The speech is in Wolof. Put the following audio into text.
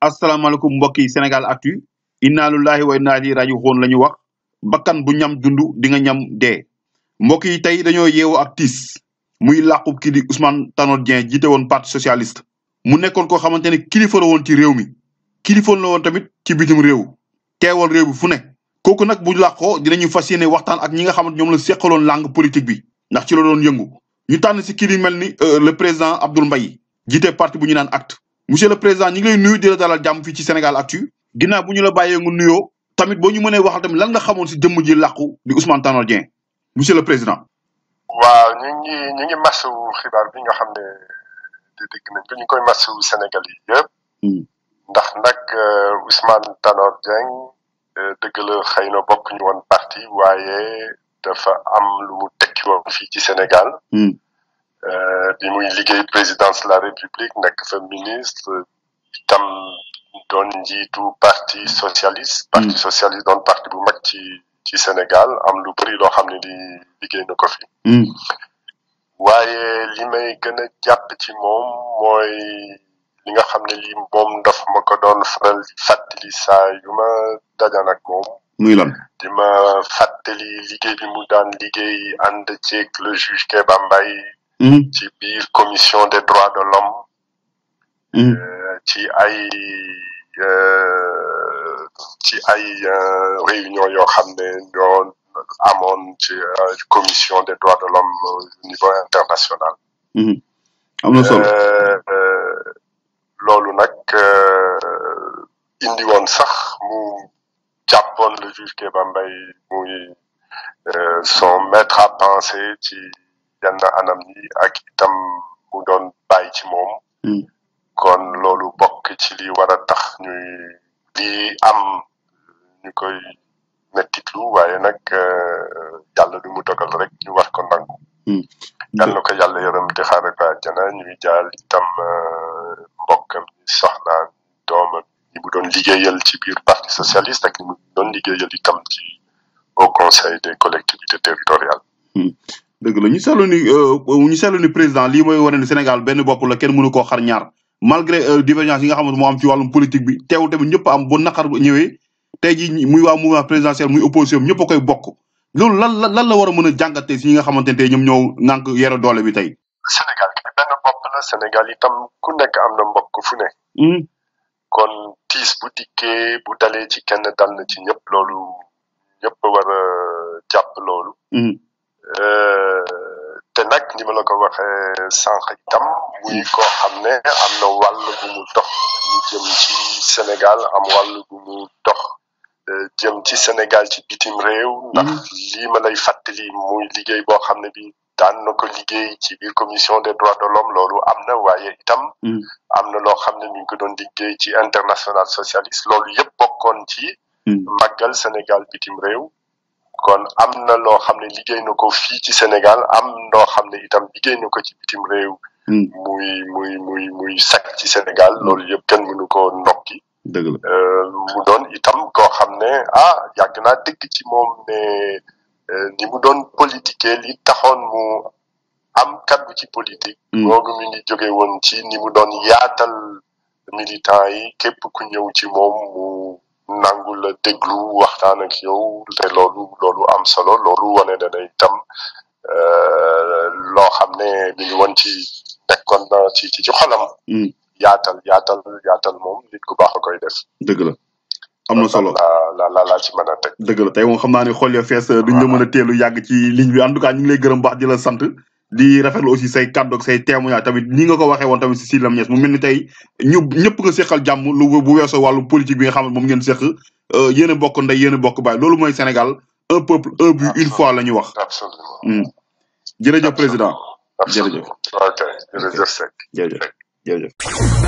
Assalamualaikum mbokki senegal Actu inna lillahi wa inna ilayhi raji'un lañu wax bakkan bu ñam dundu di nga ñam dee mbokki tay dañu yewu ak tis muy laqub ki di Ousmane Tanor Dieng jiite won parti socialiste mu nekkon ko xamante kilifa la ci réew mi kilifa la won tamit ci bitim réew teewal réew bi fu nekk kooku nag bu làqoo dinañu fas yéene waxtaan ak ñi nga xamante ñoom la seqaloon langue politique bi ndax ci la doon yëngu ñu si kii di mel ni euh, le président Abdoul Mbaye jiite parti bu ñu naan ACT monsieur le président ñu ngi lay nuyu di dalal jàmm fii ci Sénégal Actu ginnaaw bu ñu la bàyyee nga nuyoo tamit boo ñu mënee waxal tamit lan nga xamoon si jëmm ji làqu di Ousmane Tanor monsieur le président. waaw ñu ngi ñu ngi masu xibaar bi nga xam ne dégg nañ ko koy masu Sénégal yi yëpp. Hmm. ndax nag euh, Ousmane Tanor dëgg la xëy bokk ñu woon parti waaye dafa am lu mu tekki woon fii ci Sénégal hmm. euh, bi muy liggéey présidence de la République nekk fa ministre itam doon njiitu parti socialiste hmm. parti socialiste doon parti bu mag ci ci Sénégal am lu bëri loo xam ne di liggéey na ko fi hmm. waaye li may gën a jàpp ci moom mooy li nga xam li lii moom daf ma ko doon faral di fàttali yu ma dajan ak moom. muy lan di ma fàttali liggéey bi mu daan and ci ceeg le juge Kéba Mbaye mhm. ci biir commission des droits de l'homme mhm. euh, ci ay euh, ci ay euh, réunion yo xam ne ñoo ci commission des droits de l'homme au niveau international hmm amna solo loolu nag euh, indi woon sax mu jàppoon le juge Kéba Mbaye muy euh, son maître à penser ci yenn anam yi ak itam mu doon bàyyi ci moom hmm. kon loolu bokk ci li war a tax ñuy li am ñu koy mettitlu waaye nag euh, yàlla lu mu dogal rek ñu war ko nangu hmm. yàlla na ko yàlla yërëm di xaaral ko àjjana ñuy jaal itam sax naa doomam ñi mu doon liggéeyal ci biir parti socialiste ak ñi mu doon liggéeyal itam ci au conseil des collectivités territoriales. Hmm. dëgg ni euh, ñu seetlu ni président lii mooy wane ni Sénégal benn bopp la kenn mënu ko xar ñaar malgré euh, divergence yi nga xamante moo am ci wàllum politique bi tew tamit ñëpp am bu naqar ñëwee tey jii muy waa mouvement présidentiel muy opposition bi ñëpp koy bokk loolu lan lan la war a mën a jàngatee si ñi nga xamante ne tey ñoom ñoo ŋànk yore doole bi tey. Sénégal itam ku nekk am na mbok fu ne hmm. kon tiis bu dikkee bu dalee ci kenn dal na ci ñëpp loolu ñëpp war a jàpp loolu hmm. euh, te nag ni ma la ko waxee sànq itam hmm. xam ne am na wàll bu mu dox lu jëm ci Sénégal am wàll bu mu dox euh, jëm ci Sénégal ci bitim réew ndax lii ma muy liggéey boo xam ne bi daan na ko liggéey ci commission des droits de l'homme loolu am itam mm. am na loo xam ko international socialiste loolu yëpp bokkoon ci mm. Sénégal bitim réew kon am na loo xam ne Sénégal am loo itam liggéey na ci bitim réew mm. muy muy muy muy ci Sénégal loolu yëpp kenn mënu ko que dëgg la euh, itam koo xam ah ci Euh, ni mu doon politique li taxoon mu am kaddu ci politique loolu mm. mi ngi jóge woon ci ni mu doon yaatal militant yi képp ku ñëw ci moom mu nangu la déglu waxtaan ak yow te loolu loolu am solo loolu wane na ne itam euh, loo xam ne mi ngi woon ci nekkoon na ci ci xolam mm. yaatal yaatal yaatal moom nit ku baax koy def dëgg am na solo la la laa ci a tey moom xam naa ne xool ya fees duñ la mën a teelu yàgg ci ligne bi en tout cas ñu ngi lay a baax di la sant di rafetlu aussi say kàddu ak say témoignage tamit ni nga ko waxee woon tamit si Sidy Lamine Niass mu mel ni tey ñu ñëpp nga séqal jàmm lu bu weesoo wàllu politique bi xam ne moom ngeen séq euh, yéen a bokk ndey yéen a bokk baay loolu mooy Sénégal un peuple un but une fois la ñu wax. absolument hmm. jërëjëf président. jërëjëf ok jërëjëf Seck jërëjëf jërëjëf.